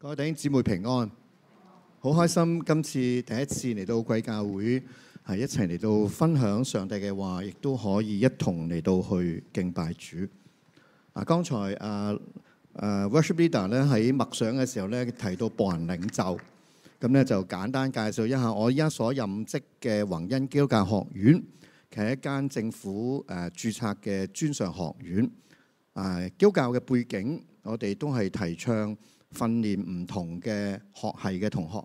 各位弟兄姊妹平安，好開心今次第一次嚟到貴教會，係一齊嚟到分享上帝嘅話，亦都可以一同嚟到去敬拜主。啊，剛才啊啊 worship leader 咧喺默想嘅時候咧提到僕人領袖，咁咧就簡單介紹一下我依家所任職嘅宏恩基督教學院，其實一間政府誒註冊嘅專上學院。誒，基督教嘅背景，我哋都係提倡。訓練唔同嘅學系嘅同學，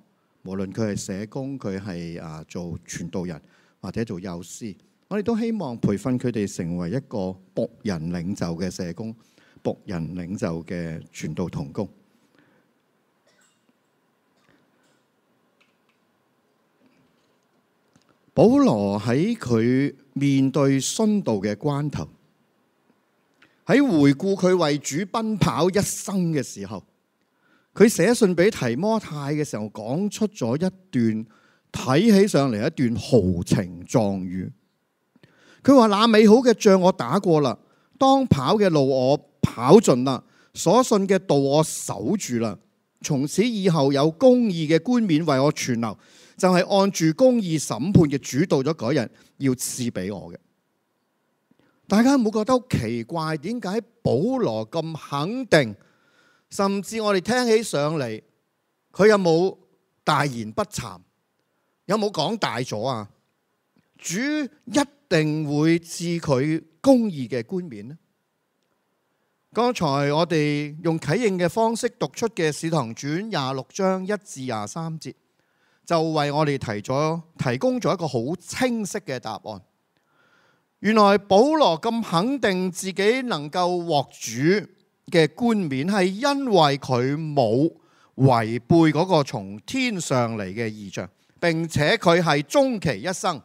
無論佢係社工，佢係啊做傳道人或者做幼師，我哋都希望培訓佢哋成為一個僕人領袖嘅社工，僕人領袖嘅傳道同工。保羅喺佢面對殉道嘅關頭，喺回顧佢為主奔跑一生嘅時候，佢寫信俾提摩太嘅時候，講出咗一段睇起上嚟一段豪情壯語。佢話：那美好嘅仗我打過啦，當跑嘅路我跑盡啦，所信嘅道我守住啦。從此以後有公義嘅冠冕為我存留，就係、是、按住公義審判嘅主道咗嗰日要賜俾我嘅。大家唔好覺得奇怪？點解保羅咁肯定？甚至我哋聽起上嚟，佢有冇大言不慚？有冇講大咗啊？主一定會賜佢公義嘅冠冕咧。剛才我哋用啟應嘅方式讀出嘅《使徒行傳》廿六章一至廿三節，就為我哋提咗提供咗一個好清晰嘅答案。原來保羅咁肯定自己能夠獲主嘅冠冕係因為佢冇違背嗰個從天上嚟嘅異象，並且佢係終其一生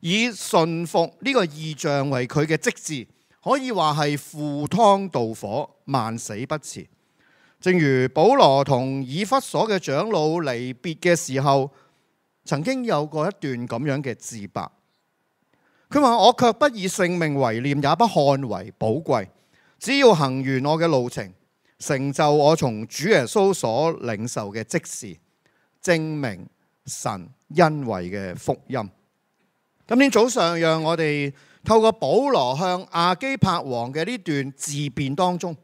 以信服呢個異象為佢嘅職志，可以話係赴湯蹈火，萬死不辭。正如保羅同以弗所嘅長老離別嘅時候，曾經有過一段咁樣嘅自白，佢話：我卻不以性命為念，也不看為寶貴。只要行完我嘅路程，成就我從主耶穌所領受嘅職事，證明神恩惠嘅福音。今天早上讓我哋透過保羅向亞基帕王嘅呢段自辯當中，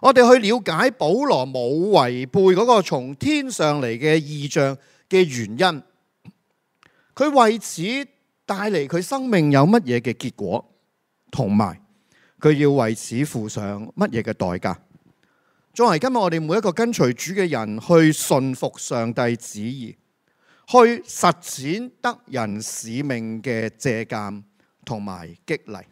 我哋去了解保羅冇違背嗰個從天上嚟嘅異象嘅原因。佢為此帶嚟佢生命有乜嘢嘅結果，同埋。佢要為此付上乜嘢嘅代價？作為今日我哋每一個跟隨主嘅人，去信服上帝旨意，去實踐得人使命嘅借鑒同埋激勵。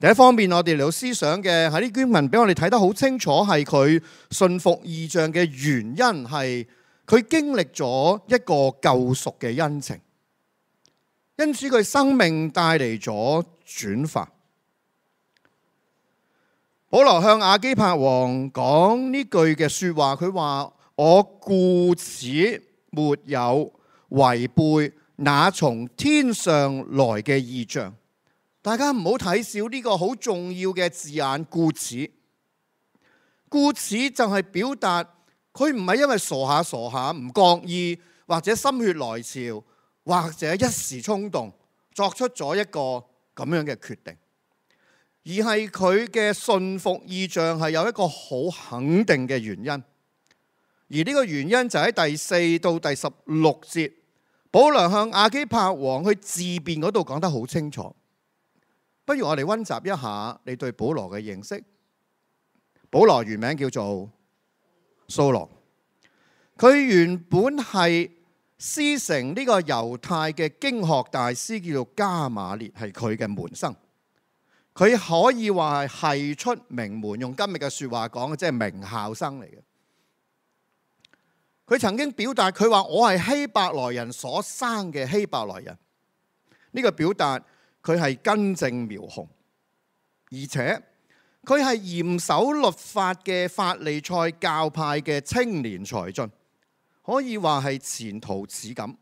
第一方面，我哋嚟到思想嘅係啲經文俾我哋睇得好清楚，係佢信服異象嘅原因係佢經歷咗一個救贖嘅恩情，因此佢生命帶嚟咗轉化。保羅向亞基帕王講呢句嘅說話，佢話我故此沒有違背那從天上來嘅異象。大家唔好睇小呢個好重要嘅字眼，故此，故此就係表達佢唔係因為傻下傻下唔覺意，或者心血來潮，或者一時衝動作出咗一個咁樣嘅決定。而係佢嘅信服異象係有一個好肯定嘅原因，而呢個原因就喺第四到第十六節，保羅向亞基帕王去自辯嗰度講得好清楚。不如我哋溫習一下你對保羅嘅認識。保羅原名叫做掃羅，佢原本係師承呢個猶太嘅經學大師叫做迦瑪列，係佢嘅門生。佢可以話係出名門，用今日嘅説話講，即係名校生嚟嘅。佢曾經表達，佢話我係希伯來人所生嘅希伯來人。呢個表達佢係根正苗紅，而且佢係嚴守律法嘅法利賽教派嘅青年才俊，可以話係前途似錦。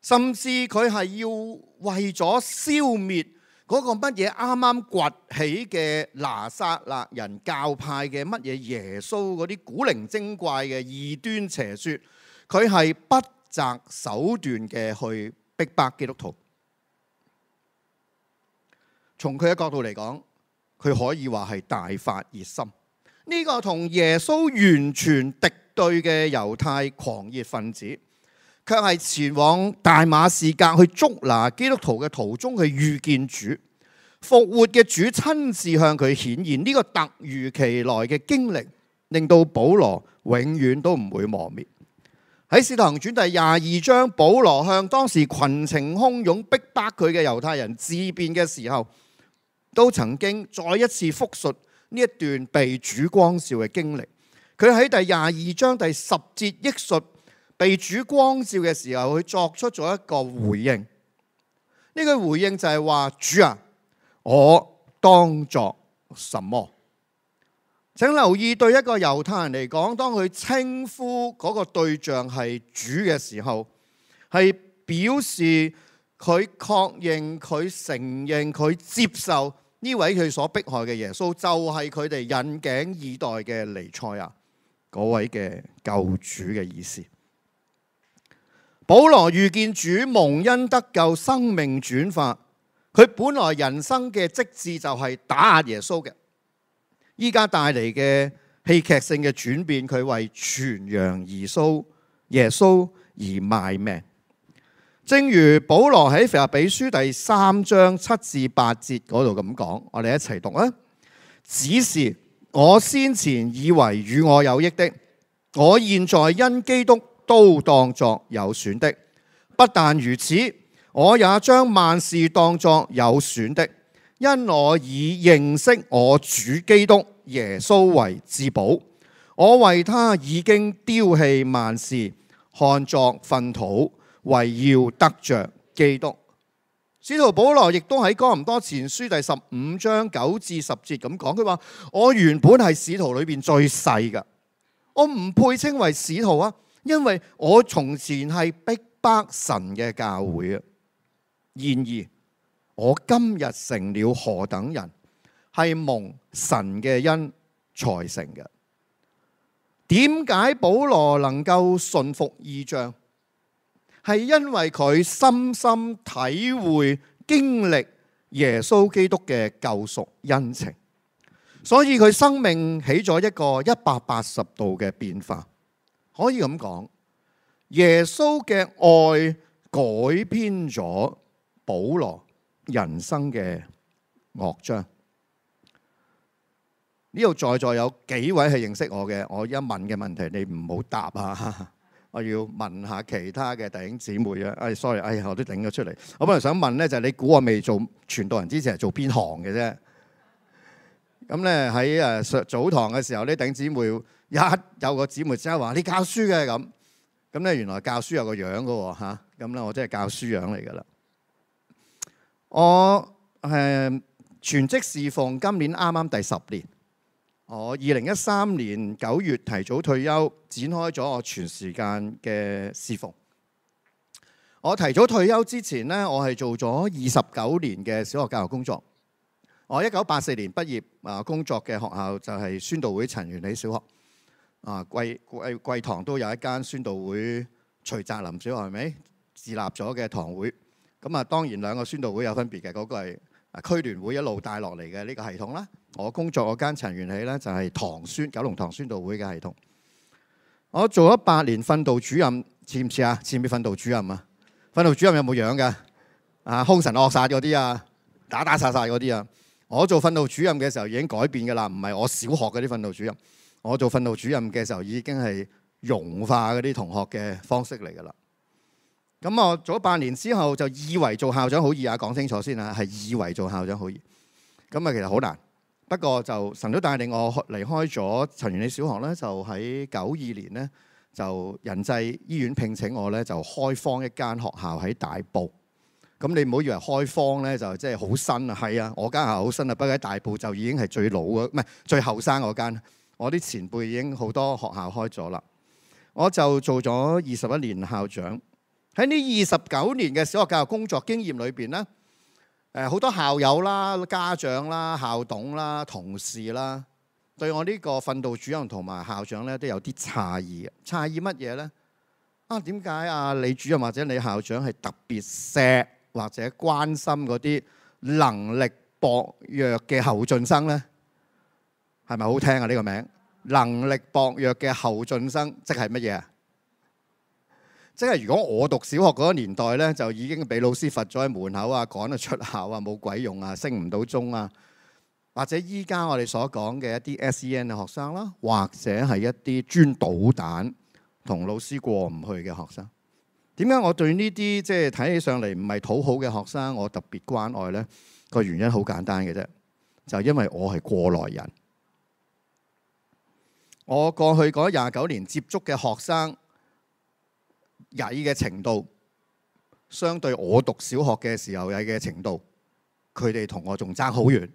甚至佢係要為咗消滅嗰、那個乜嘢啱啱崛起嘅拿撒勒人教派嘅乜嘢耶穌嗰啲古靈精怪嘅異端邪説，佢係不擇手段嘅去逼迫基督徒。從佢嘅角度嚟講，佢可以話係大發熱心。呢個同耶穌完全敵對嘅猶太狂熱分子，卻係前往大馬士革去捉拿基督徒嘅途中，去遇見主復活嘅主親自向佢顯現。呢個突如其來嘅經歷，令到保羅永遠都唔會磨滅在。喺《使徒行傳》第廿二章，保羅向當時群情洶湧，湧逼迫佢嘅猶太人自辯嘅時候，都曾經再一次復述呢一段被主光照嘅經歷。佢喺第廿二章第十節憶述。被主光照嘅時候，佢作出咗一個回應。呢個回應就係話，主啊，我當作什麼？請留意，對一個猶太人嚟講，當佢稱呼嗰個對象係主嘅時候，係表示佢確認、佢承認、佢接受呢位佢所迫害嘅耶穌，就係佢哋引頸以待嘅彌賽亞嗰位嘅救主嘅意思。保羅遇見主蒙恩得救，生命轉化。佢本來人生嘅職致就係打壓耶穌嘅，依家帶嚟嘅戲劇性嘅轉變，佢為傳揚耶穌耶穌而賣命。正如保羅喺腓立比書第三章七至八節嗰度咁講，我哋一齊讀啊！只是我先前以為與我有益的，我現在因基督，都當作有損的。不但如此，我也將萬事當作有損的，因我已認識我主基督耶穌為至寶。我為他已經丟棄萬事，看作糞土，為要得着基督。使徒保羅亦都喺哥林多前書第十五章九至十節咁講，佢話：我原本係使徒裏邊最細噶，我唔配稱為使徒啊！因為我從前係逼迫神嘅教會啊，然而我今日成了何等人，係蒙神嘅恩才成嘅。點解保羅能夠順服異象，係因為佢深深體會經歷耶穌基督嘅救贖恩情，所以佢生命起咗一個一百八十度嘅變化。可以咁講，耶穌嘅愛改編咗保羅人生嘅樂章。呢度在座有幾位係認識我嘅，我一問嘅問題你唔好答啊！我要問下其他嘅弟兄姊妹啊。誒、哎，sorry，哎呀，我都頂咗出嚟。我本來想問咧，就係、是、你估我未做傳道人之前係做邊行嘅啫？咁咧喺誒早堂嘅時候呢，弟兄姊妹。一有個姊妹即話：你教書嘅。咁咁咧，原來教書有個樣嘅喎嚇。咁咧，我真係教書樣嚟嘅啦。我全職侍奉今年啱啱第十年。我二零一三年九月提早退休，展開咗我全時間嘅侍奉。我提早退休之前呢，我係做咗二十九年嘅小學教育工作。我一九八四年畢業啊，工作嘅學校就係宣道會陳元理小學。啊，貴貴貴堂都有一間宣道會徐澤林小學，係咪自立咗嘅堂會？咁啊，當然兩個宣道會有分別嘅，嗰、嗰個係區聯會一路帶落嚟嘅呢個系統啦。我工作嗰間陳元喜咧，就係唐宣九龍塘宣道會嘅系統。我做咗八年訓導主任，似唔似啊？似唔似訓導主任啊？訓導主任有冇樣㗎？啊，凶神惡煞嗰啲啊，打打殺殺嗰啲啊！我做訓導主任嘅時候已經改變㗎喇，唔係我小學嗰啲訓導主任。我做訓導主任嘅時候已經係融化嗰啲同學嘅方式嚟㗎啦。咁我做咗半年之後就以為做校長好易啊！講清楚先啊，係以為做校長好易。咁啊，其實好難。不過就神都帶領我離開咗陳元利小學咧，就喺九二年咧，就仁濟醫院聘請我咧，就開荒一間學校喺大埔。咁你唔好以為開荒咧就即係好新啊。係啊，我間校好新啊，不過喺大埔就已經係最老嘅，唔係最後生嗰間。我啲前輩已經好多學校開咗啦，我就做咗二十一年校長。喺呢二十九年嘅小學教育工作經驗裏邊呢，誒好多校友啦、家長啦、校董啦、同事啦，對我呢個訓導主任同埋校長咧都有啲詫異嘅。詫異乜嘢呢？啊，點解啊？李主任或者李校長係特別錫或者關心嗰啲能力薄弱嘅後進生呢？係咪好聽啊？呢、這個名能力薄弱嘅後進生，即係乜嘢？即係如果我讀小學嗰個年代呢，就已經畀老師罰咗喺門口啊，趕到出校啊，冇鬼用啊，升唔到鐘啊，或者依家我哋所講嘅一啲 S.E.N. 嘅學生啦，或者係一啲專搗蛋同老師過唔去嘅學生，點解我對呢啲即係睇起上嚟唔係討好嘅學生，我特別關愛呢？個原因好簡單嘅啫，就是、因為我係過來人。我過去嗰廿九年接觸嘅學生曳嘅程度，相對我讀小學嘅時候曳嘅程度，佢哋同我仲爭好遠。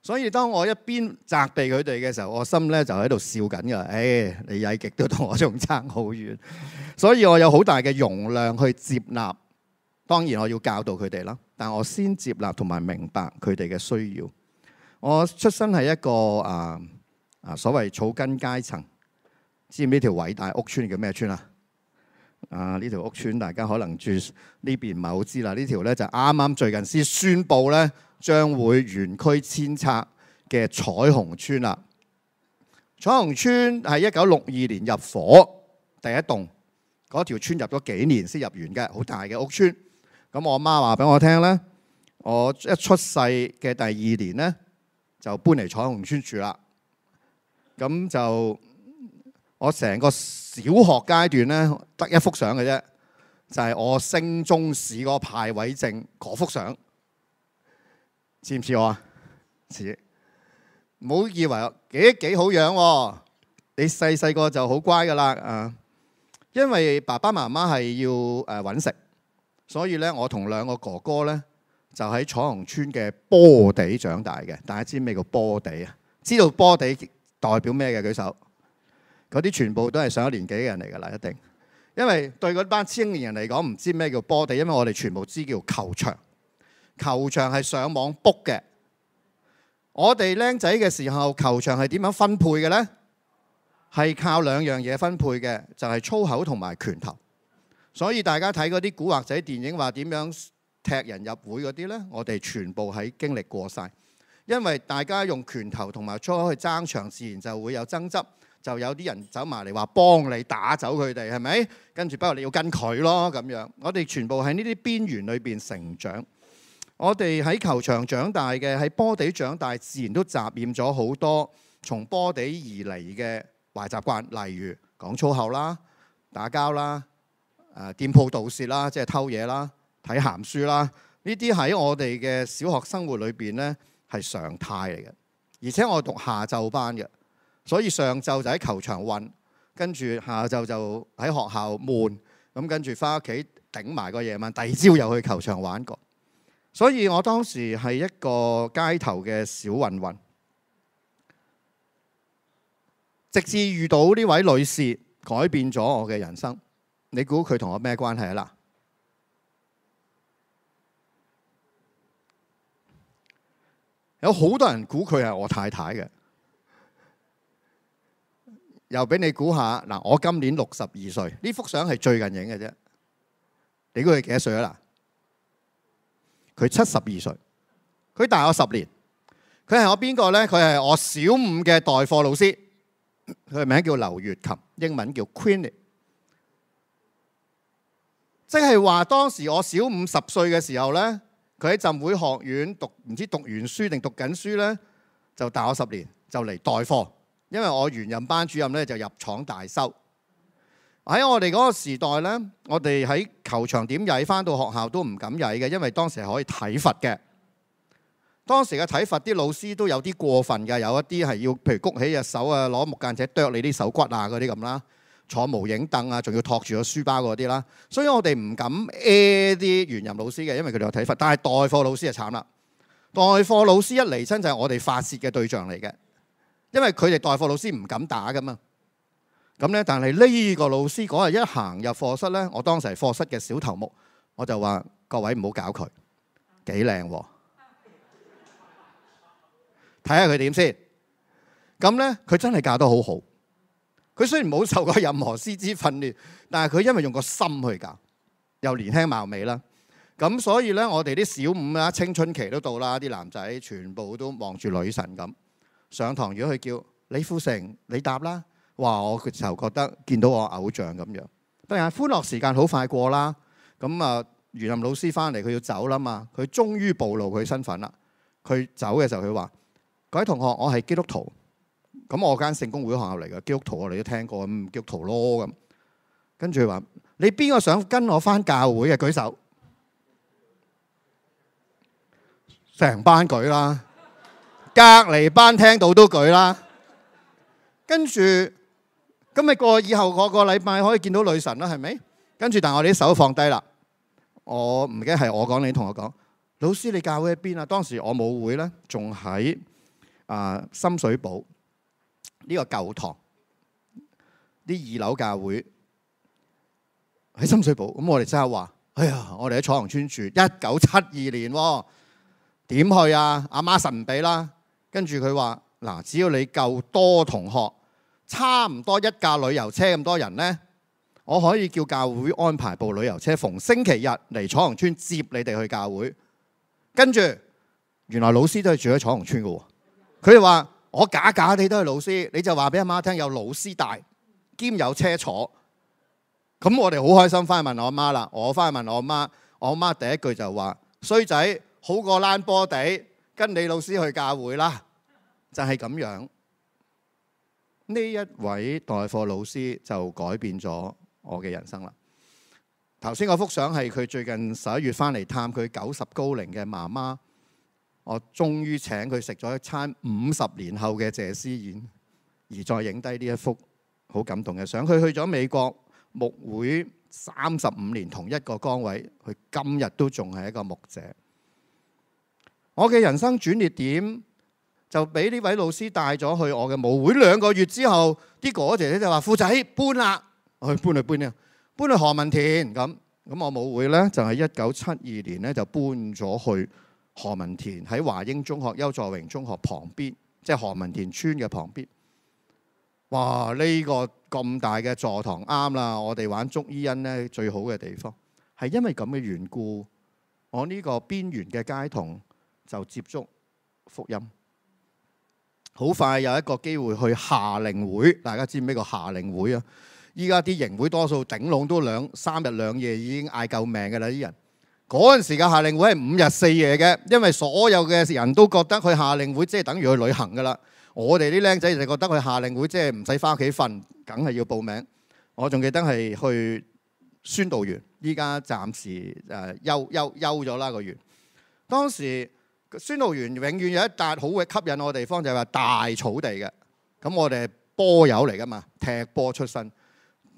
所以當我一邊責備佢哋嘅時候，我心咧就喺度笑緊㗎。唉、哎，你曳極都同我仲爭好遠，所以我有好大嘅容量去接納。當然我要教導佢哋啦，但我先接納同埋明白佢哋嘅需要。我出身係一個啊。啊！所謂草根階層，知唔知條偉大屋村叫咩村啊？啊！呢條屋村大家可能住呢邊唔係好知啦。呢條咧就啱啱最近先宣布咧，將會原區遷拆嘅彩虹村啦。彩虹村係一九六二年入伙，第一棟嗰條村入咗幾年先入完嘅，好大嘅屋村。咁我媽話俾我聽咧，我一出世嘅第二年咧，就搬嚟彩虹村住啦。咁就我成個小學階段咧，得一幅相嘅啫，就係、是、我升中試嗰個派位證嗰幅相，似唔似我，我啊？似，唔好以為幾幾好樣，你細細個就好乖噶啦啊！因為爸爸媽媽係要誒揾、啊、食，所以咧我同兩個哥哥咧就喺彩虹村嘅波地長大嘅。大家知咩叫波地啊？知道波地。代表咩嘅？舉手，嗰啲全部都係上咗年紀嘅人嚟㗎啦，一定。因為對嗰班青年人嚟講，唔知咩叫波地，因為我哋全部知叫球場。球場係上網 book 嘅。我哋僆仔嘅時候，球場係點樣分配嘅呢？係靠兩樣嘢分配嘅，就係、是、粗口同埋拳頭。所以大家睇嗰啲古惑仔電影，話點樣踢人入會嗰啲呢，我哋全部喺經歷過晒。因為大家用拳頭同埋粗口去爭場，自然就會有爭執，就有啲人走埋嚟話幫你打走佢哋，係咪？跟住，不過你要跟佢咯咁樣。我哋全部喺呢啲邊緣裏邊成長，我哋喺球場長大嘅，喺波地長大，自然都習染咗好多從波地而嚟嘅壞習慣，例如講粗口啦、打交啦、誒店鋪盜竊啦，即係偷嘢啦、睇鹹書啦，呢啲喺我哋嘅小學生活裏邊呢，係常態嚟嘅，而且我讀下晝班嘅，所以上晝就喺球場混，跟住下晝就喺學校悶，咁跟住翻屋企頂埋個夜晚，第二朝又去球場玩過。所以我當時係一個街頭嘅小混混，直至遇到呢位女士，改變咗我嘅人生。你估佢同我咩關係呀啦？有好多人估佢係我太太嘅，又俾你估下嗱，我今年六十二歲，呢幅相係最近影嘅啫。你估佢幾多歲啊？嗱，佢七十二歲，佢大我十年，佢係我邊個咧？佢係我小五嘅代課老師，佢嘅名叫劉月琴，英文叫 Queenie。即係話當時我小五十歲嘅時候咧。佢喺浸會學院讀，唔知讀完書定讀緊書呢，就大我十年就嚟代課。因為我原任班主任呢，就入廠大修。喺我哋嗰個時代呢，我哋喺球場點曳，翻到學校都唔敢曳嘅，因為當時係可以體罰嘅。當時嘅體罰啲老師都有啲過分嘅，有一啲係要譬如谷起隻手啊，攞木間尺剁你啲手骨啊嗰啲咁啦。坐無影凳啊，仲要托住個書包嗰啲啦，所以我哋唔敢誒啲原任老師嘅，因為佢哋有體罰，但係代課老師就慘啦，代課老師一嚟親就係我哋發洩嘅對象嚟嘅，因為佢哋代課老師唔敢打噶嘛。咁咧，但係呢個老師嗰日一行入課室咧，我當時係課室嘅小頭目，我就話各位唔好搞佢，幾靚，睇下佢點先。咁咧，佢真係教得好好。佢雖然冇受過任何師資訓練，但係佢因為用個心去教，又年輕貌美啦，咁所以呢，我哋啲小五啊，青春期都到啦，啲男仔全部都望住女神咁。上堂如果佢叫李富成，你答啦，哇！我就覺得見到我偶像咁樣。但係，歡樂時間好快過啦，咁啊，余林老師翻嚟佢要走啦嘛，佢終於暴露佢身份啦。佢走嘅時候佢話：各位同學，我係基督徒。咁我間聖公會學校嚟㗎，基督徒我哋都聽過咁，基督徒咯咁。跟住話，你邊個想跟我翻教會嘅，舉手，成班舉啦，隔離班聽到都舉啦。跟住咁，你過以後，個個禮拜可以見到女神啦，係咪？跟住但係我哋啲手放低啦。我唔記得係我講，你同我講，老師你教會喺邊啊？當時我冇會咧，仲喺啊深水埗，呢個舊堂，啲二樓教會喺深水埗。咁我哋即刻話：哎呀，我哋喺彩虹村住，一九七二年，點去啊？阿媽神唔俾啦。跟住佢話：嗱，只要你夠多同學，差唔多一架旅遊車咁多人呢，我可以叫教會安排部旅遊車，逢星期日嚟彩虹村接你哋去教會。跟住原來老師都係住喺彩虹村嘅。佢哋話。我假假地都係老師，你就話俾阿媽聽有老師帶，兼有車坐，咁我哋好開心返去問我阿媽啦。我返去問我阿媽，我阿媽第一句就話：衰仔好過爛波地，跟你老師去教會啦。就係、是、咁樣，呢一位代課老師就改變咗我嘅人生啦。頭先嗰幅相係佢最近十一月返嚟探佢九十高齡嘅媽媽。我終於請佢食咗一餐五十年後嘅謝師宴，而再影低呢一幅好感動嘅相。佢去咗美國牧會三十五年，同一個崗位，佢今日都仲係一個牧者。我嘅人生轉捩點就俾呢位老師帶咗去我嘅母會。兩個月之後，啲哥哥姐姐就話：富仔，搬啦，去搬去搬啊，搬去何文田咁。咁我母會呢，就喺一九七二年呢，就搬咗去。何文田喺華英中學、邱佐榮中學旁邊，即係何文田村嘅旁邊。哇！呢、這個咁大嘅座堂啱啦，我哋玩捉伊恩呢最好嘅地方。係因為咁嘅緣故，我呢個邊緣嘅街童就接觸福音，好快有一個機會去夏令會。大家知唔知個夏令會啊？依家啲營會多數頂籠都兩三日兩夜已經嗌救命㗎喇，啲人。嗰陣時嘅夏令會係五日四夜嘅，因為所有嘅人都覺得去夏令會即係等於去旅行噶啦。我哋啲僆仔就覺得去夏令會即係唔使翻屋企瞓，梗係要報名。我仲記得係去宣道園，依家暫時誒休休休咗啦個月。當時宣道園永遠有一笪好嘅吸引我嘅地方就係話大草地嘅，咁我哋係波友嚟噶嘛，踢波出身。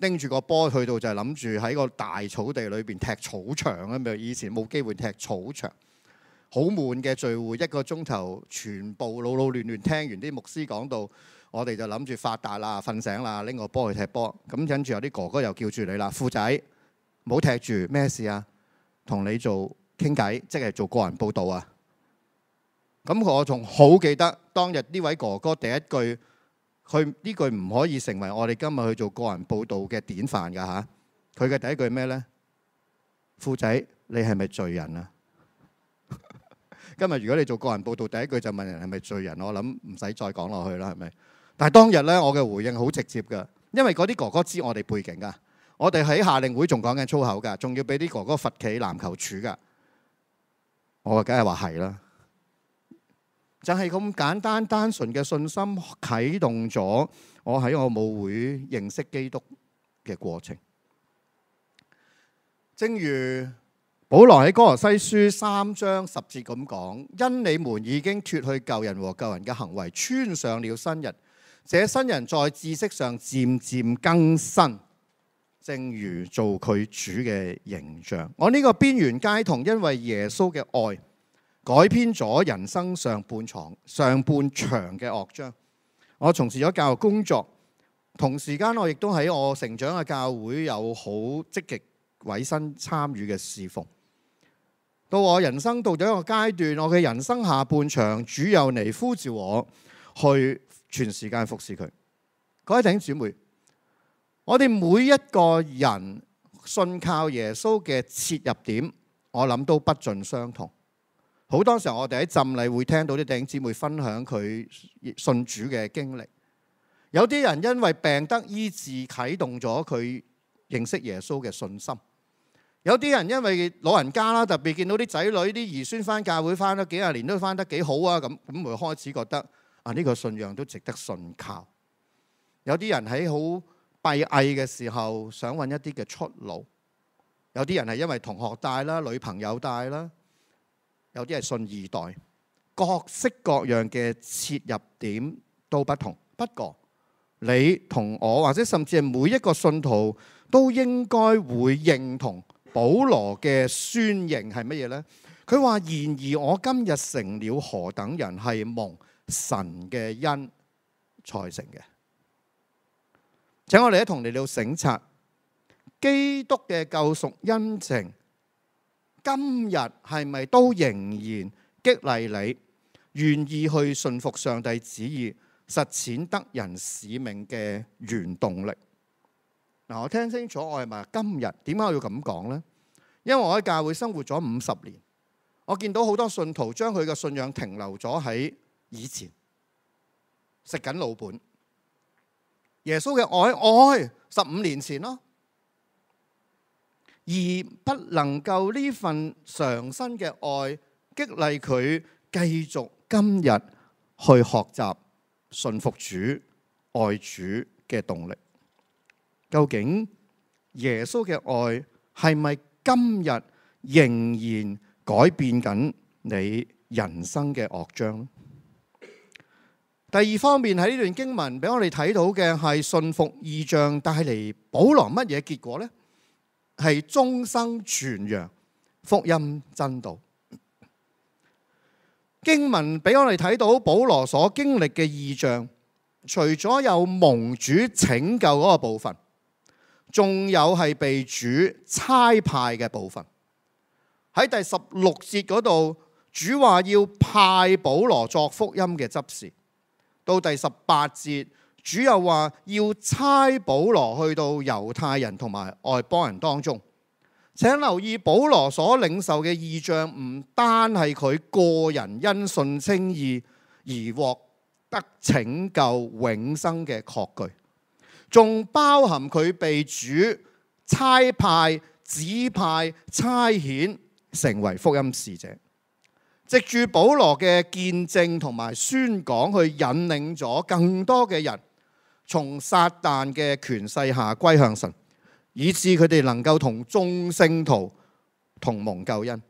拎住個波去到就係諗住喺個大草地裏邊踢草場咁樣，以前冇機會踢草場，好悶嘅聚會一個鐘頭，全部老老亂亂聽完啲牧師講到，我哋就諗住發達啦，瞓醒啦，拎個波去踢波，咁跟住有啲哥哥又叫住你啦，富仔，唔好踢住，咩事啊？同你做傾偈，即係做個人報道啊！咁我仲好記得當日呢位哥哥第一句。佢呢句唔可以成為我哋今日去做個人報道嘅典範㗎嚇。佢嘅第一句咩呢？「富仔，你係咪罪人啊？」 今日如果你做個人報道，第一句就問人係咪罪人，我諗唔使再講落去啦，係咪？但係當日呢，我嘅回應好直接㗎，因為嗰啲哥哥知我哋背景㗎，我哋喺夏令會仲講緊粗口㗎，仲要俾啲哥哥罰企籃球柱㗎。我梗係話係啦。就係、是、咁簡單單純嘅信心啟動咗我喺我母會認識基督嘅過程，正如保羅喺哥羅西書三章十節咁講：，因你們已經脱去舊人和舊人嘅行為，穿上了新人。這新人在知識上漸漸更新，正如做佢主嘅形象。我呢個邊緣街童，因為耶穌嘅愛。改編咗人生上半場上半場嘅樂章。我從事咗教育工作，同時間我亦都喺我成長嘅教會有好積極委身參與嘅侍奉。到我人生到咗一個階段，我嘅人生下半場，主又嚟呼召我去全時間服侍佢。各位弟兄姊妹，我哋每一個人信靠耶穌嘅切入點，我諗都不盡相同。好多時候，我哋喺浸禮會聽到啲弟兄姊妹分享佢信主嘅經歷。有啲人因為病得醫治，啟動咗佢認識耶穌嘅信心。有啲人因為老人家啦，特別見到啲仔女、啲兒孫翻教會翻咗幾廿年都翻得幾好啊，咁咁佢開始覺得啊，呢個信仰都值得信靠。有啲人喺好閉翳嘅時候，想揾一啲嘅出路。有啲人係因為同學帶啦，女朋友帶啦。有啲係信二代，各式各樣嘅切入點都不同。不過你，你同我或者甚至係每一個信徒都應該會認同保羅嘅宣認係乜嘢呢？佢話：然而我今日成了何等人，係蒙神嘅恩才成嘅。請我哋一同嚟到省察基督嘅救贖恩情。今日係咪都仍然激勵你願意去順服上帝旨意，實踐得人使命嘅原動力？嗱，我聽清楚我係咪，我係今日點解我要咁講呢？因為我喺教會生活咗五十年，我見到好多信徒將佢嘅信仰停留咗喺以前，食緊老本。耶穌嘅愛愛，十五年前咯。而不能夠呢份常新嘅愛激勵佢繼續今日去學習信服主、愛主嘅動力。究竟耶穌嘅愛係咪今日仍然改變緊你人生嘅樂章？第二方面喺呢段經文俾我哋睇到嘅係信服異象帶嚟保羅乜嘢結果呢？係終生傳揚福音真道。經文俾我哋睇到保羅所經歷嘅異象，除咗有蒙主拯救嗰個部分，仲有係被主差派嘅部分。喺第十六節嗰度，主話要派保羅作福音嘅執事。到第十八節。主又話要差保羅去到猶太人同埋外邦人當中，請留意保羅所領受嘅異象，唔單係佢個人因信稱義而獲得拯救永生嘅確據，仲包含佢被主差派、指派、差遣成為福音使者，藉住保羅嘅見證同埋宣講去引領咗更多嘅人。從撒旦嘅權勢下歸向神，以致佢哋能夠同眾聖徒同蒙救恩。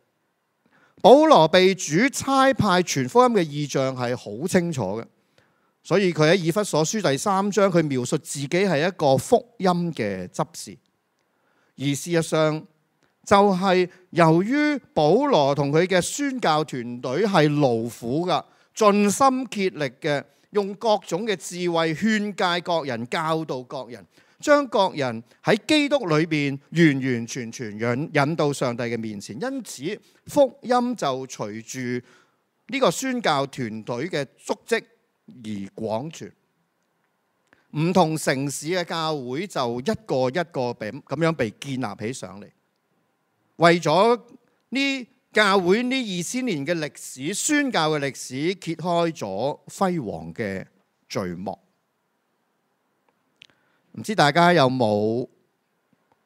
保羅被主差派傳福音嘅異象係好清楚嘅，所以佢喺以弗所書第三章，佢描述自己係一個福音嘅執事。而事實上就係、是、由於保羅同佢嘅宣教團隊係勞苦噶，盡心竭力嘅。用各種嘅智慧勸戒各人、教導各人，將各人喺基督裏邊完完全全引引到上帝嘅面前。因此福音就隨住呢個宣教團隊嘅足跡而廣傳，唔同城市嘅教會就一個一個咁咁樣被建立起上嚟，為咗呢？教會呢二千年嘅歷史，宣教嘅歷史，揭開咗輝煌嘅序幕。唔知大家有冇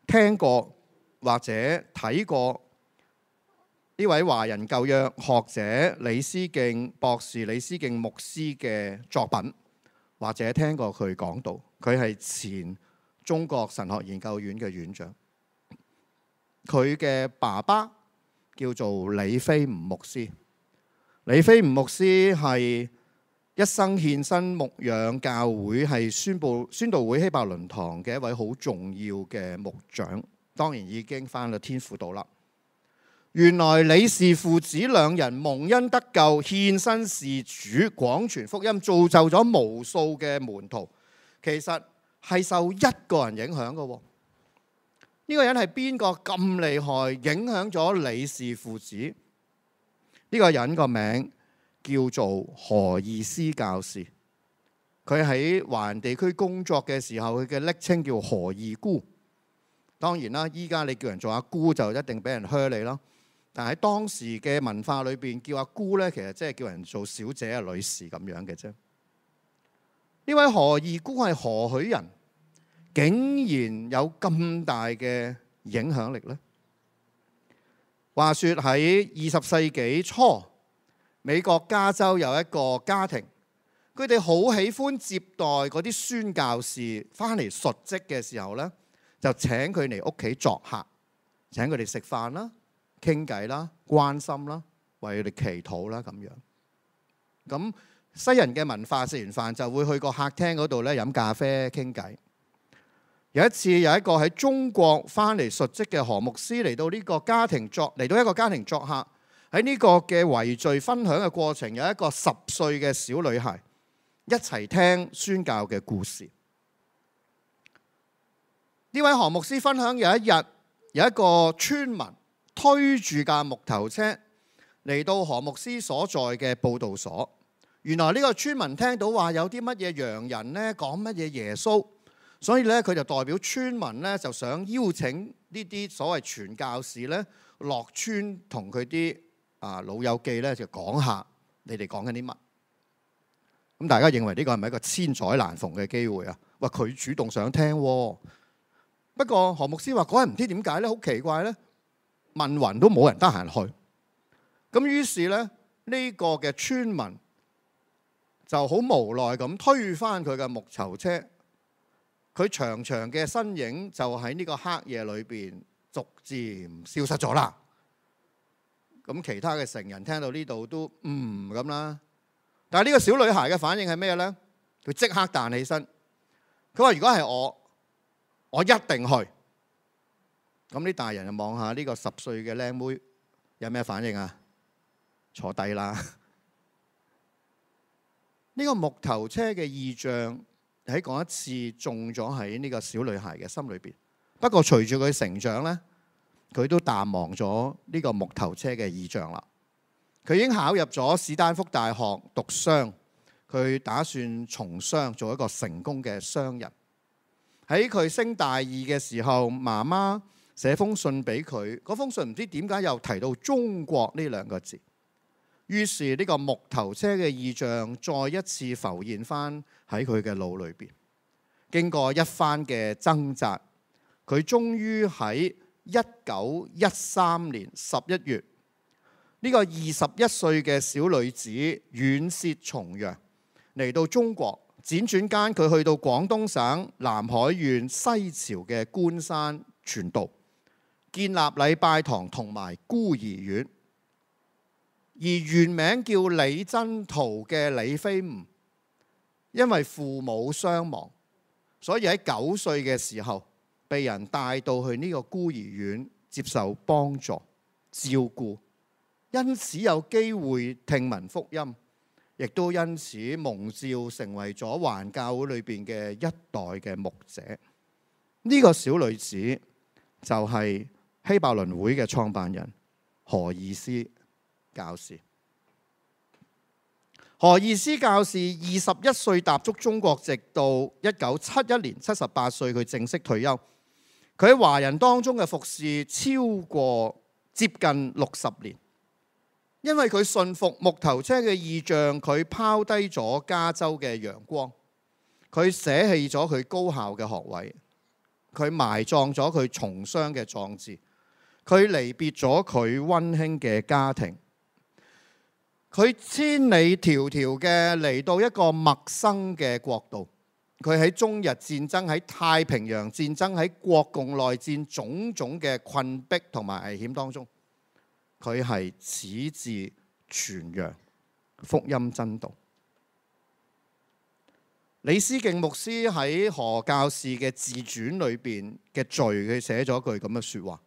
聽過或者睇過呢位華人舊約學者李思敬博士、李思敬牧師嘅作品，或者聽過佢講到，佢係前中國神學研究院嘅院長，佢嘅爸爸。叫做李非吳牧師，李非吳牧師係一生獻身牧養教會，係宣布宣道會希伯倫堂嘅一位好重要嘅牧長，當然已經翻到天父度啦。原來李氏父子兩人蒙恩得救，獻身事主，廣傳福音，造就咗無數嘅門徒。其實係受一個人影響噶喎。呢個人係邊個咁厲害？影響咗李氏父子。呢個人個名叫做何義思教士。佢喺華人地區工作嘅時候，佢嘅暱稱叫何義姑。當然啦，依家你叫人做阿姑就一定俾人噓你咯。但喺當時嘅文化裏邊，叫阿姑呢，其實即係叫人做小姐啊、女士咁樣嘅啫。呢位何義姑係何許人？竟然有咁大嘅影響力呢？話說喺二十世紀初，美國加州有一個家庭，佢哋好喜歡接待嗰啲宣教士翻嚟述職嘅時候，呢就請佢嚟屋企作客，請佢哋食飯啦、傾偈啦、關心啦、為佢哋祈禱啦咁樣。咁西人嘅文化，食完飯就會去個客廳嗰度咧，飲咖啡傾偈。有一次，有一個喺中國翻嚟述職嘅何牧師嚟到呢個家庭作嚟到一個家庭作客，喺呢個嘅圍聚分享嘅過程，有一個十歲嘅小女孩一齊聽宣教嘅故事。呢位何牧師分享，有一日有一個村民推住架木頭車嚟到何牧師所在嘅佈道所，原來呢個村民聽到話有啲乜嘢洋人呢講乜嘢耶穌。所以咧，佢就代表村民咧，就想邀請呢啲所謂傳教士咧落村同佢啲啊老友記咧，就講下你哋講緊啲乜。咁大家認為呢個係咪一個千載難逢嘅機會啊？話佢主動想聽啊。不過何牧師話嗰日唔知點解咧，好奇怪咧，問勻都冇人得閒去。咁於是咧，呢個嘅村民就好無奈咁推翻佢嘅木籌車。佢長長嘅身影就喺呢個黑夜裏邊逐漸消失咗啦。咁其他嘅成人聽到呢度都嗯咁啦。但係呢個小女孩嘅反應係咩咧？佢即刻彈起身。佢話：如果係我，我一定去。咁啲大人就望下呢個十歲嘅靚妹，有咩反應啊？坐低啦。呢個木頭車嘅異象，喺嗰一次中咗喺呢個小女孩嘅心裏邊，不過隨住佢成長呢佢都淡忘咗呢個木頭車嘅異象啦。佢已經考入咗史丹福大學讀商，佢打算從商做一個成功嘅商人。喺佢升大二嘅時候，媽媽寫封信俾佢，嗰封信唔知點解又提到中國呢兩個字。，於是呢個木頭車嘅異象再一次浮現翻喺佢嘅腦裏邊。經過一番嘅掙扎，佢終於喺一九一三年十一月，呢個二十一歲嘅小女子遠涉重洋嚟到中國。輾轉間，佢去到廣東省南海縣西樵嘅觀山傳道，建立禮拜堂同埋孤兒院。而原名叫李真圖嘅李飛悟，因為父母傷亡，所以喺九歲嘅時候被人帶到去呢個孤兒院接受幫助照顧，因此有機會聽聞福音，亦都因此蒙召成為咗環教會裏邊嘅一代嘅牧者。呢、這個小女子就係希伯倫會嘅創辦人何爾斯。教士何義斯教士二十一歲踏足中國，直到一九七一年七十八歲，佢正式退休。佢喺華人當中嘅服侍超過接近六十年，因為佢信服木頭車嘅異象，佢拋低咗加州嘅陽光，佢捨棄咗佢高校嘅學位，佢埋葬咗佢從商嘅壯志，佢離別咗佢温馨嘅家庭。佢千里迢迢嘅嚟到一個陌生嘅國度，佢喺中日戰爭、喺太平洋戰爭、喺國共內戰種種嘅困迫同埋危險當中他是，佢係矢志傳揚福音真道。李思敬牧師喺何教士嘅自傳裏邊嘅序，佢寫咗句咁嘅説話。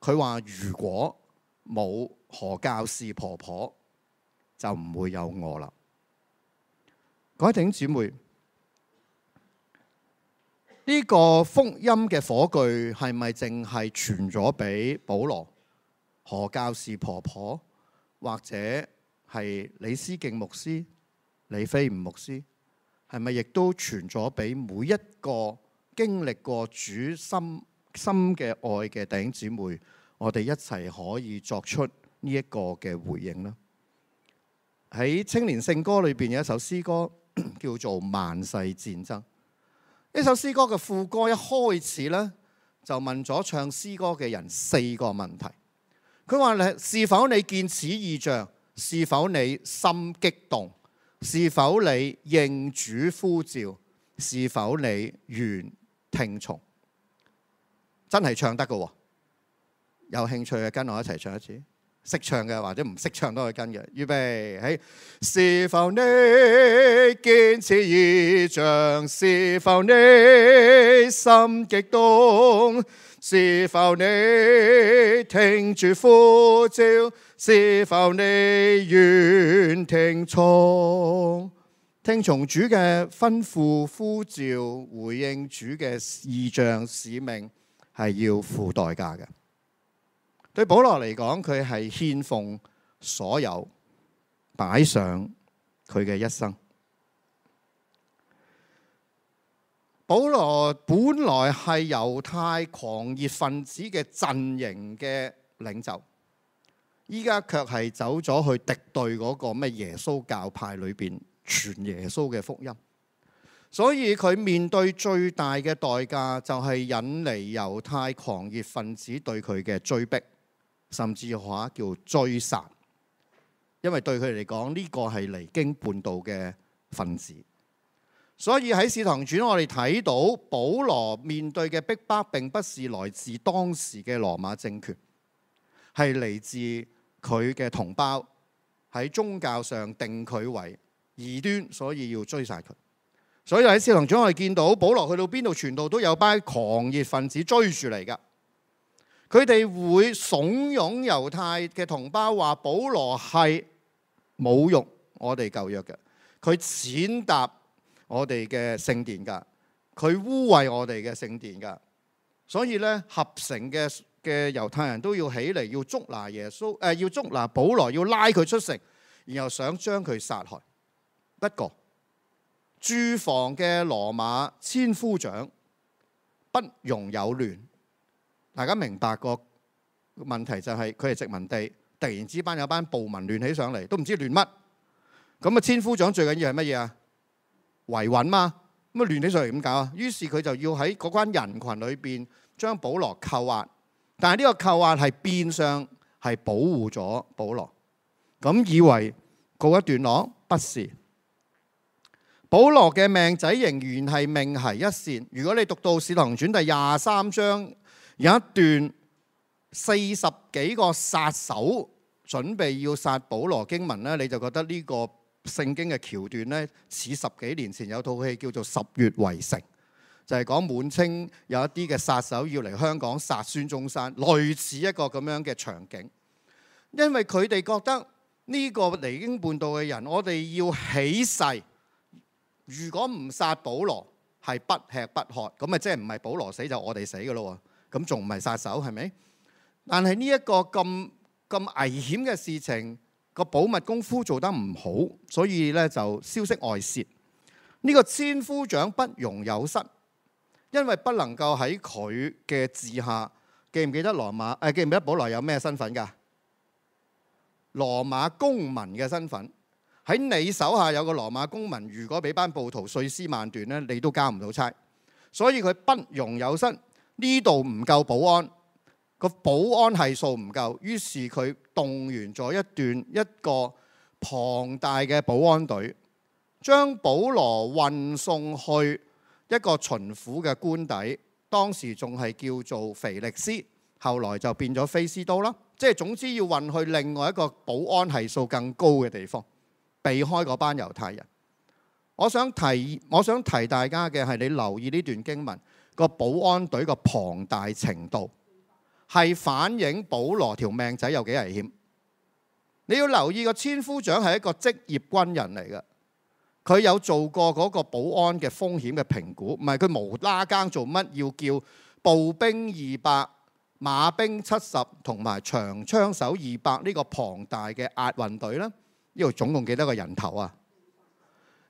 佢話：如果冇何教士婆婆，就唔會有我啦，各位弟兄姊妹，呢、這個福音嘅火炬係咪淨係傳咗俾保羅、何教士婆婆，或者係李思敬牧師、李飛吳牧師，係咪亦都傳咗俾每一個經歷過主深深嘅愛嘅弟兄姊妹？我哋一齊可以作出呢一個嘅回應啦。喺青年聖歌裏面有一首詩歌叫做《萬世戰爭》。呢首詩歌嘅副歌一開始呢，就問咗唱詩歌嘅人四個問題。佢話，你是否你見此異象？是否你心激動？是否你應主呼召？是否你願聽從？真係唱得㗎喎，有興趣嘅跟我一齊唱一次。識唱嘅或者唔識唱都可以跟嘅，預備，是否你堅持異象？是否你心極動？是否你聽住呼召？是否你願聽從？聽從主嘅吩咐呼召，回應主嘅異象使命，係要付代價嘅。對保羅嚟講，佢係獻奉所有擺上佢嘅一生。保羅本來係猶太狂熱分子嘅陣營嘅領袖，依家卻係走咗去敵對嗰個咩耶穌教派裏邊傳耶穌嘅福音，所以佢面對最大嘅代價就係引嚟猶太狂熱分子對佢嘅追逼。甚至嘅話叫追殺，因為對佢嚟講呢個係離經叛道嘅分子，所以喺《使徒行傳》我哋睇到保羅面對嘅逼迫，並不是來自當時嘅羅馬政權，係嚟自佢嘅同胞喺宗教上定佢為異端，所以要追殺佢。所以喺《使徒行傳》我哋見到保羅去到邊度，全部都有班狂熱分子追住嚟㗎。佢哋會慫恿猶太嘅同胞話：保羅係侮辱我哋舊約嘅，佢踐踏我哋嘅聖殿噶，佢污衊我哋嘅聖殿噶。所以咧，合成嘅嘅猶太人都要起嚟，要捉拿耶穌，誒，要捉拿保羅，要拉佢出城，然後想將佢殺害。不過，駐防嘅羅馬千夫長不容有亂。大家明白個問題就係佢係殖民地，突然之間有班暴民亂起上嚟，都唔知亂乜。咁啊，千夫長最緊要係乜嘢啊？維穩嘛。咁啊，亂起上嚟點搞啊？於是佢就要喺嗰班人群裏邊將保羅扣押。但係呢個扣押係變相係保護咗保羅。咁以為告一段落，不是。保羅嘅命仔仍然係命係一線。如果你讀到《使徒行傳》第廿三章。有一段四十幾個殺手準備要殺保羅經文咧，你就覺得呢個聖經嘅橋段咧，似十幾年前有套戲叫做《十月圍城》，就係講滿清有一啲嘅殺手要嚟香港殺孫中山，類似一個咁樣嘅場景。因為佢哋覺得呢個離經叛道嘅人，我哋要起誓，如果唔殺保羅，係不吃不喝，咁咪即係唔係保羅死就是，我哋死噶咯喎？咁仲唔係殺手係咪？但係呢一個咁咁危險嘅事情，個保密功夫做得唔好，所以咧就消息外泄。呢個千夫長不容有失，因為不能夠喺佢嘅治下。記唔記得羅馬？誒，記唔記得保羅有咩身份㗎？羅馬公民嘅身份，喺你手下有個羅馬公民，如果俾班暴徒碎屍萬段咧，你都交唔到差。所以佢不容有失。呢度唔夠保安，個保安係數唔夠，於是佢動員咗一段一個龐大嘅保安隊，將保羅運送去一個巡撫嘅官邸，當時仲係叫做腓力斯，後來就變咗菲斯都啦。即係總之要運去另外一個保安係數更高嘅地方，避開嗰班猶太人。我想提我想提大家嘅係你留意呢段經文。個保安隊個龐大程度係反映保羅條命仔有幾危險。你要留意個千夫長係一個職業軍人嚟嘅，佢有做過嗰個保安嘅風險嘅評估，唔係佢無啦更做乜要叫步兵二百、馬兵七十同埋長槍手二百呢個龐大嘅押運隊咧？呢度總共幾多個人頭啊？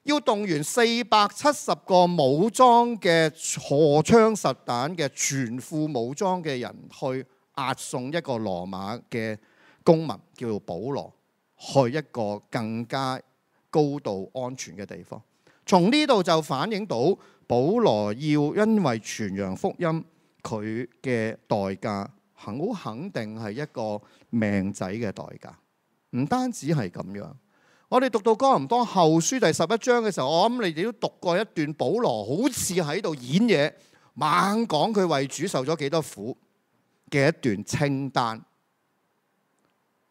要動員四百七十個武裝嘅荷槍實彈嘅全副武裝嘅人去押送一個羅馬嘅公民叫做保羅去一個更加高度安全嘅地方。從呢度就反映到保羅要因為傳揚福音，佢嘅代價好肯定係一個命仔嘅代價，唔單止係咁樣。我哋讀到《哥林多後書》第十一章嘅時候，我諗你哋都讀過一段保羅好似喺度演嘢，猛講佢為主受咗幾多苦嘅一段清單。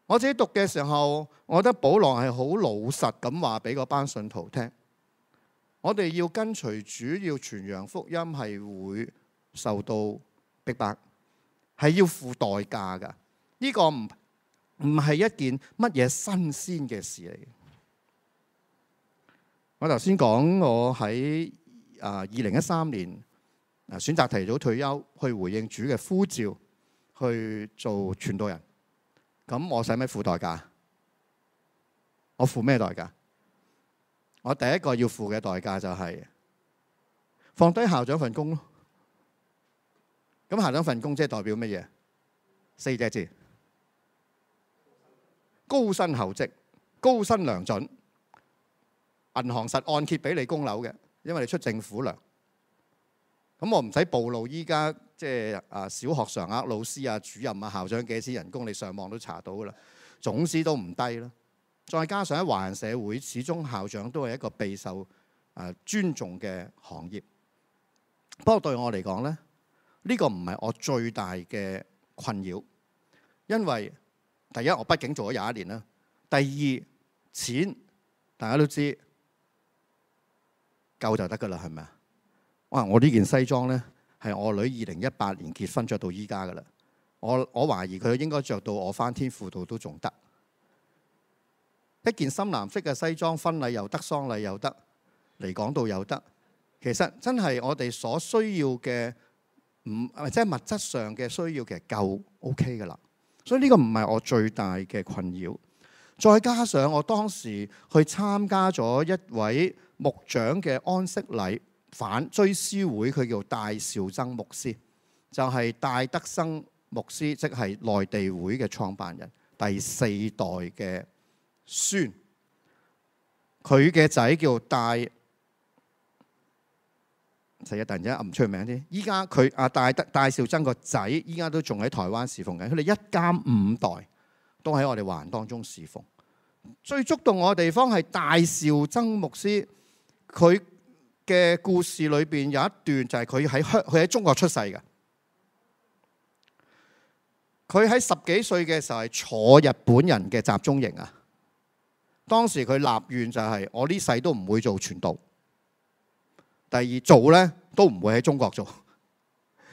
我自己讀嘅時候，我覺得保羅係好老實咁話俾嗰班信徒聽：我哋要跟隨主，要傳揚福音，係會受到逼迫，係要付代價㗎。呢個唔唔係一件乜嘢新鮮嘅事嚟。我頭先講我喺啊二零一三年選擇提早退休，去回應主嘅呼召，去做傳道人。咁我使唔使付代價？我付咩代價？我第一個要付嘅代價就係放低校長份工咯。咁校長份工即係代表乜嘢？四隻字，高薪厚職，高薪良准。銀行實按揭俾你供樓嘅，因為你出政府糧。咁我唔使暴露依家即係啊小學常額老師啊、主任啊、校長幾多錢人工，你上網都查到噶啦，總之都唔低啦。再加上喺華人社會，始終校長都係一個備受誒尊重嘅行業。不過對我嚟講咧，呢個唔係我最大嘅困擾，因為第一我畢竟做咗廿一年啦，第二錢大家都知道。夠就得噶啦，係咪啊？哇！我呢件西裝呢，係我女二零一八年結婚着到依家噶啦。我我懷疑佢應該着到我翻天覆地都仲得。一件深藍色嘅西裝，婚禮又得，喪禮又得，嚟講到又得。其實真係我哋所需要嘅，唔，即係物質上嘅需要其實夠 OK 噶啦。所以呢個唔係我最大嘅困擾。再加上我當時去參加咗一位木牧長嘅安息禮反追思會，佢叫戴紹曾牧師，就係、是、戴德生牧師，即係內地會嘅創辦人第四代嘅孫，佢嘅仔叫戴，細一突然間諗唔出名添。依家佢阿戴德戴紹曾個仔，依家都仲喺台灣侍奉緊。佢哋一家五代都喺我哋華人當中侍奉。最觸動我嘅地方係戴紹曾牧師。佢嘅故事裏邊有一段就係佢喺香，佢喺中國出世嘅。佢喺十幾歲嘅時候係坐日本人嘅集中營啊。當時佢立願就係我呢世都唔會做傳道，第二做呢都唔會喺中國做。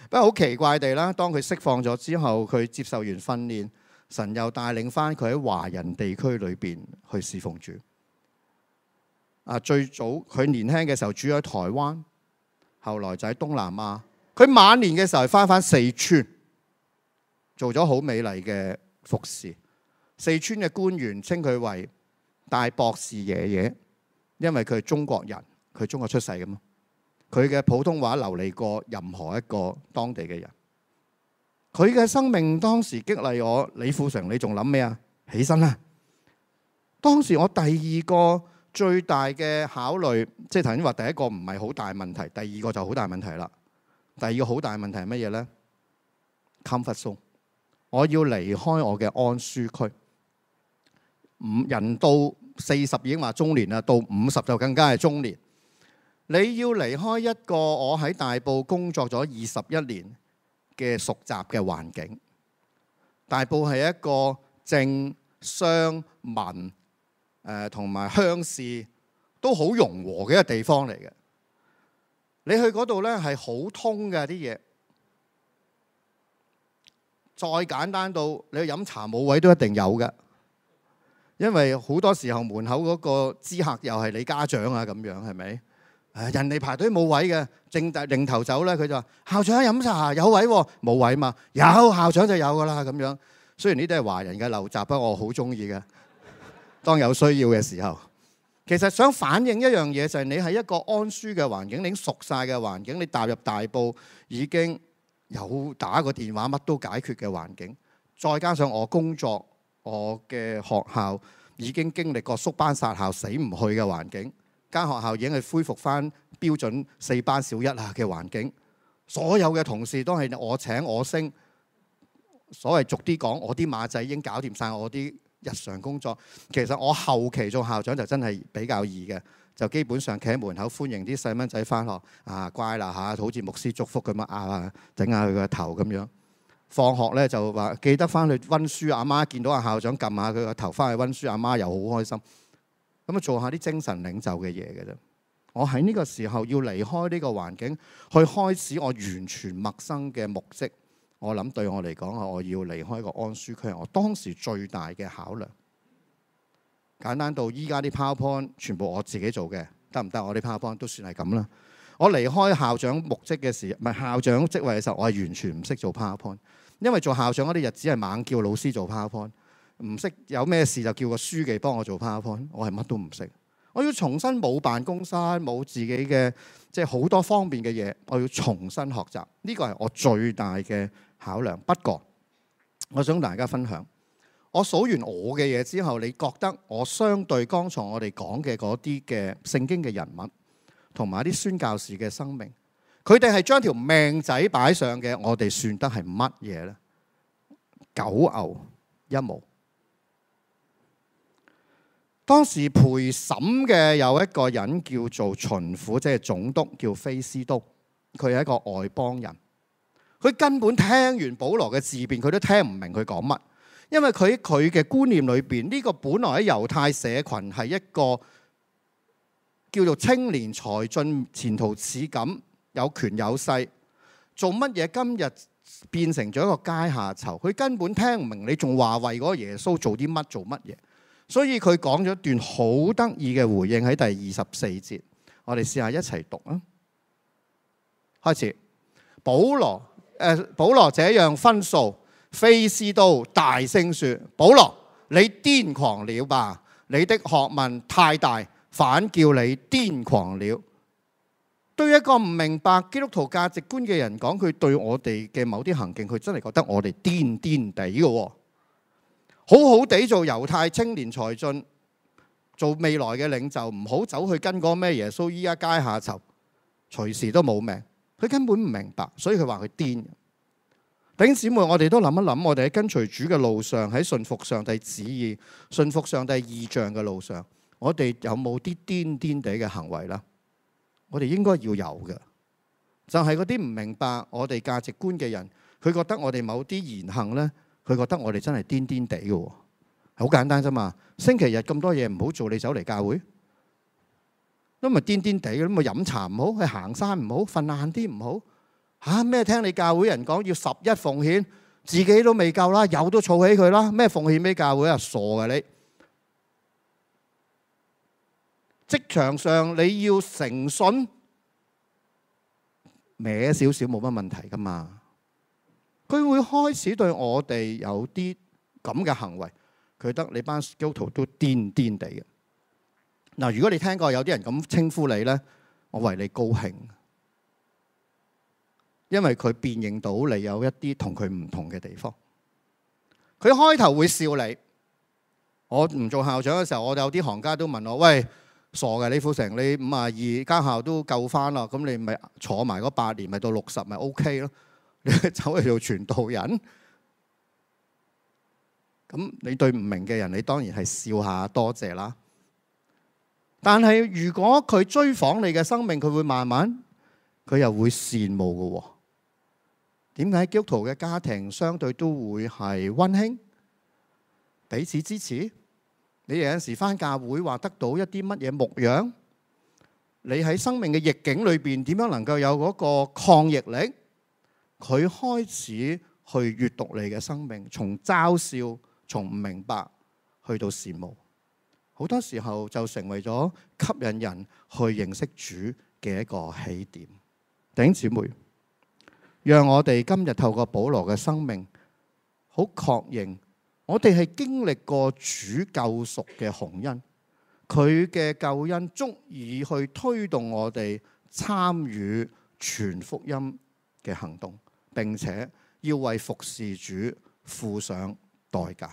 不過好奇怪地啦，當佢釋放咗之後，佢接受完訓練，神又帶領翻佢喺華人地區裏邊去侍奉主。啊！最早佢年輕嘅時候住喺台灣，後來就喺東南亞。佢晚年嘅時候返返四川，做咗好美麗嘅服侍。四川嘅官員稱佢為大博士爺爺，因為佢係中國人，佢中國出世㗎嘛。佢嘅普通話流利過任何一個當地嘅人。佢嘅生命當時激勵我，李富成，你仲諗咩啊？起身啊！當時我第二個。最大嘅考慮，即係頭先話第一個唔係好大問題，第二個就好大問題啦。第二個好大問題係乜嘢呢？Comfort zone，我要離開我嘅安舒區。五人到四十已經話中年啦，到五十就更加係中年。你要離開一個我喺大埔工作咗二十一年嘅熟習嘅環境。大埔係一個政商民，誒同埋鄉市都好融和嘅一個地方嚟嘅，你去嗰度咧係好通嘅啲嘢，再簡單到你去飲茶冇位都一定有嘅，因為好多時候門口嗰個知客又係你家長啊咁樣，係咪？誒人哋排隊冇位嘅，正大擰頭走咧，佢就話校長飲茶有位喎，啊，冇位嘛，有校長就有噶啦咁樣。雖然呢啲係華人嘅陋習啦，不過我好中意嘅。當有需要嘅時候，其實想反映一樣嘢就係你喺一個安舒嘅環境，你熟晒嘅環境，你踏入大埔已經有打個電話乜都解決嘅環境。再加上我工作，我嘅學校已經經歷過縮班殺校死唔去嘅環境，間學校已經係恢復返標準四班小一啊嘅環境。所有嘅同事都係我請我升，所謂逐啲講，我啲馬仔已經搞掂晒我啲。日常工作，其實我後期做校長就真係比較易嘅，就基本上企喺門口歡迎啲細蚊仔翻學啊，乖啦嚇，好似牧師祝福咁樣啊，整下佢個頭咁樣。放學呢，就話記得翻去温書，阿媽見到阿校長撳下佢個頭，翻去温書，阿媽又好開心。咁啊做下啲精神領袖嘅嘢嘅啫。我喺呢個時候要離開呢個環境，去開始我完全陌生嘅模式。我諗對我嚟講，我要離開個安舒區。我當時最大嘅考量，簡單到依家啲 PowerPoint 全部我自己做嘅，得唔得？我啲 PowerPoint 都算係咁啦。我離開校長目職嘅時候，唔係校長職位嘅時候，我係完全唔識做 PowerPoint。因為做校長嗰啲日子係猛叫老師做 PowerPoint，唔識有咩事就叫個書記幫我做 PowerPoint，我係乜都唔識。我要重新冇辦公室，冇自己嘅即係好多方便嘅嘢，我要重新學習。呢、這個係我最大嘅考量。不過，我想同大家分享，我數完我嘅嘢之後，你覺得我相對剛才我哋講嘅嗰啲嘅聖經嘅人物，同埋啲宣教士嘅生命，佢哋係將條命仔擺上嘅，我哋算得係乜嘢呢？九牛一毛。當時陪審嘅有一個人叫做秦虎，即係總督，叫非斯都，佢係一個外邦人。佢根本聽完保羅嘅自辯，佢都聽唔明佢講乜，因為佢佢嘅觀念裏邊呢個本來喺猶太社群係一個叫做青年才俊，前途似錦，有權有勢，做乜嘢今日變成咗一個階下囚？佢根本聽唔明你仲話為嗰個耶穌做啲乜做乜嘢？所以佢講咗段好得意嘅回應喺第二十四節，我哋試下一齊讀啊！開始，保羅，保羅這樣分訴，非斯都大聲說：保羅，你癲狂了吧？你的學問太大，反叫你癲狂了。對一個唔明白基督徒價值觀嘅人講，佢對我哋嘅某啲行徑，佢真係覺得我哋癲癲地嘅。好好地做猶太青年才俊，做未來嘅領袖，唔好走去跟嗰個咩耶穌依家階下囚，隨時都冇命。佢根本唔明白，所以佢話佢癲。弟姊妹，我哋都諗一諗，我哋喺跟隨主嘅路上，喺順服上帝旨意，順服上帝意象嘅路上，我哋有冇啲癲癲地嘅行為啦？我哋應該要有嘅，就係嗰啲唔明白我哋價值觀嘅人，佢覺得我哋某啲言行呢，佢覺得我哋真係癲癲地嘅，好簡單啫嘛。星期日咁多嘢唔好做，你走嚟教會。都咪癲癲地，咁咪飲茶唔好，去行山唔好，瞓晏啲唔好，吓、啊、咩？聽你教會人講要十一奉獻，自己都未夠啦，有都儲起佢啦，咩奉獻俾教會啊？傻呀你！職場上你要誠信，歪少少冇乜問題噶嘛。佢會開始對我哋有啲咁嘅行為，佢得你班基督徒都癲癲地嘅。嗱，如果你聽過有啲人咁稱呼你呢，我為你高興，因為佢辨認到你有一啲同佢唔同嘅地方。佢開頭會笑你。我唔做校長嘅時候，我哋有啲行家都問我，喂，傻嘅李富成，你五呀二間校都夠翻啦，咁你咪坐埋嗰八年，咪到六十咪 OK 咯？你走去做傳道人，咁你對唔明嘅人，你當然係笑下，多謝啦。但係如果佢追訪你嘅生命，佢會慢慢佢又會羨慕嘅。點解基督徒嘅家庭相對都會係溫馨，彼此支持？你有陣時返教會話得到一啲乜嘢牧養，你喺生命嘅逆境裏邊點樣能夠有嗰個抗逆力？佢開始去閱讀你嘅生命，從嘲笑，從唔明白，去到羨慕。好多時候就成為咗吸引人去認識主嘅一個起點。弟兄姊妹，讓我哋今日透過保羅嘅生命，好確認我哋係經歷過主救贖嘅鴻恩，佢嘅救恩足以去推動我哋參與全福音嘅行動，並且要為服侍主付上代價。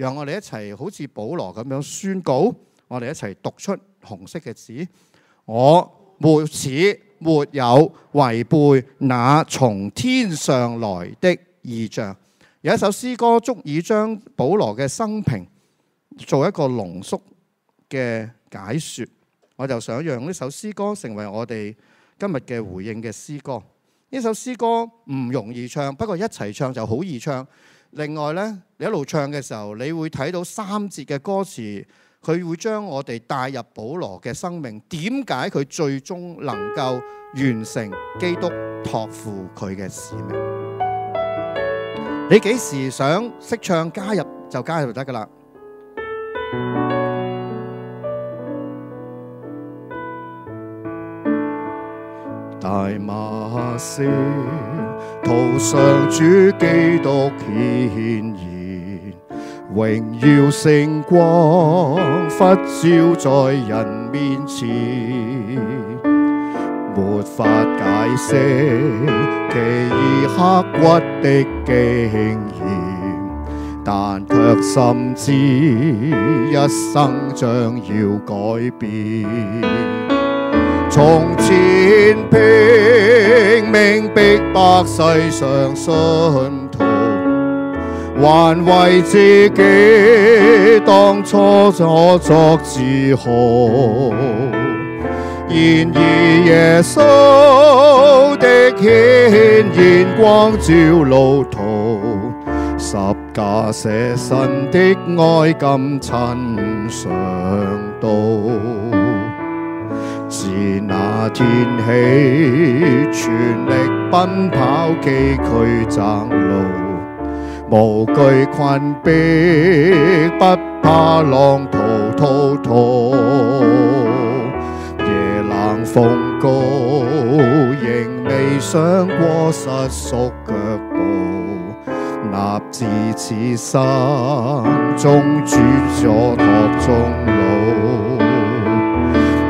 讓我哋一齊好似保羅咁樣宣告，我哋一齊讀出紅色嘅字。我故此沒有違背那從天上來的異象。有一首詩歌足以將保羅嘅生平做一個濃縮嘅解說。我就想讓呢首詩歌成為我哋今日嘅回應嘅詩歌。呢首詩歌唔容易唱，不過一齊唱就好易唱。另外呢你一路唱嘅時候，你會睇到三節嘅歌詞，佢會將我哋帶入保羅嘅生命。點解佢最終能夠完成基督託付佢嘅使命？你幾時想識唱加入就加入就得㗎喇！大馬士。途上主基督顯現，榮耀聖光忽照在人面前。沒法解釋奇異刻骨的經驗，但卻深知一生將要改變。從前偏。命逼百世上信徒，還為自己當初所作自豪。然而耶穌的顯現，現光照路途，十架捨身的愛更親嘗到。自那天起，全力奔跑崎嶇窄路，無懼困逼，不怕浪濤滔滔。夜冷風高，仍未想過失縮腳步，立志此生，終主所託終老。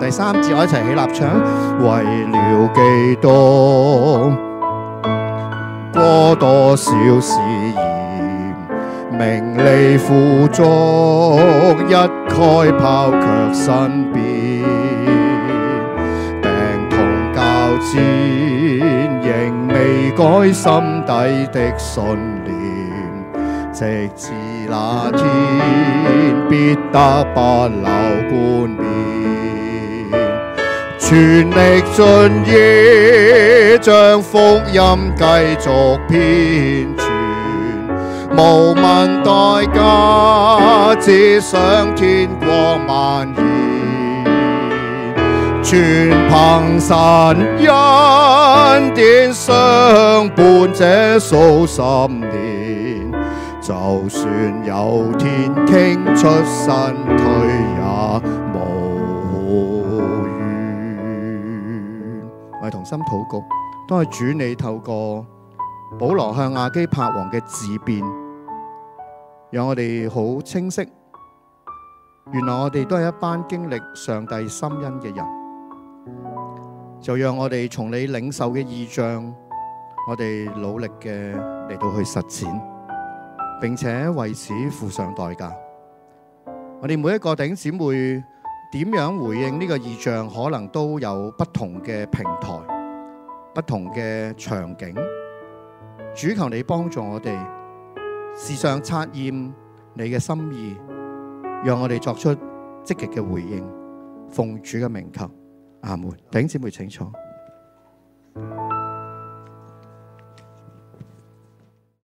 第三節我一齊起，起立唱為了幾多過多，多少誓言，名利富足一概拋卻身邊。病痛交煎仍未改心底的信念。直至那天，必得不留君。全力盡意，將福音繼續遍傳，無問代價，只想天光蔓延。全憑神恩典相伴這數十年，就算有天傾出身退。同心禱告，都係主你透過保羅向亞基帕王嘅自辯，讓我哋好清晰，原來我哋都係一班經歷上帝心恩嘅人，就讓我哋從你領受嘅異象，我哋努力嘅嚟到去實踐，並且為此付上代價。我哋每一個弟兄姊妹，點樣回應呢個異象，可能都有不同嘅平台、不同嘅場景。主求你幫助我哋，事上測驗你嘅心意，讓我哋作出積極嘅回應，奉主嘅名求。阿門。丁姐妹請坐。